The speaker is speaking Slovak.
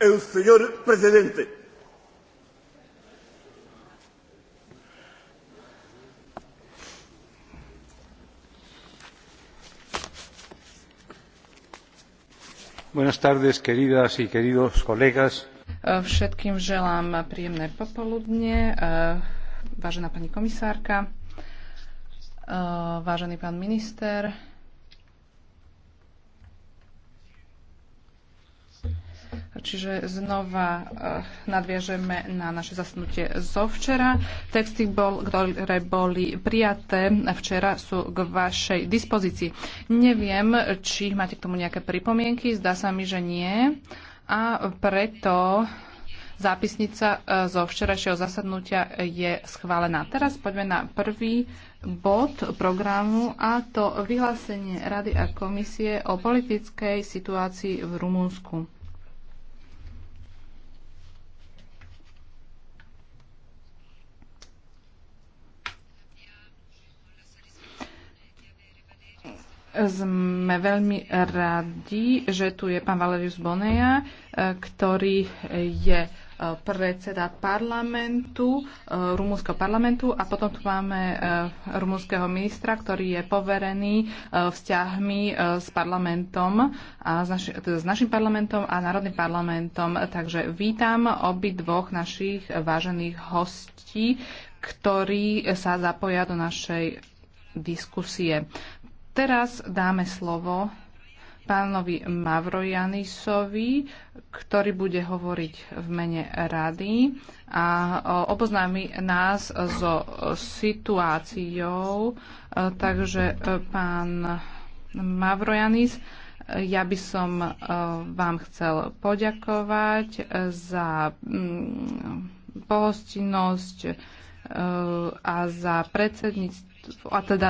el señor presidente. Buenas tardes, queridas y queridos colegas. Eh, všetkým želám príjemné popoludne. Eh, vážená pani komisárka, eh, vážený pán minister, Čiže znova eh, nadviažeme na naše zasnutie zo včera. Texty, bol, ktoré boli prijaté včera, sú k vašej dispozícii. Neviem, či máte k tomu nejaké pripomienky. Zdá sa mi, že nie. A preto zápisnica eh, zo včerajšieho zasadnutia je schválená. Teraz poďme na prvý bod programu a to vyhlásenie Rady a komisie o politickej situácii v Rumunsku. Sme veľmi radi, že tu je pán Valerius Boneja, e, ktorý je e, predseda parlamentu, e, rumúnskeho parlamentu a potom tu máme rumúnskeho ministra, ktorý je poverený vzťahmi s parlamentom, a s, naši, teda s našim parlamentom a národným parlamentom. Takže vítam obi dvoch našich vážených hostí, ktorí sa zapoja do našej diskusie. Teraz dáme slovo pánovi Mavrojanisovi, ktorý bude hovoriť v mene rady a oboznámi nás so situáciou. E, takže e, pán Mavrojanis, ja by som e, vám chcel poďakovať za mm, pohostinnosť a za predsedníctvo, a teda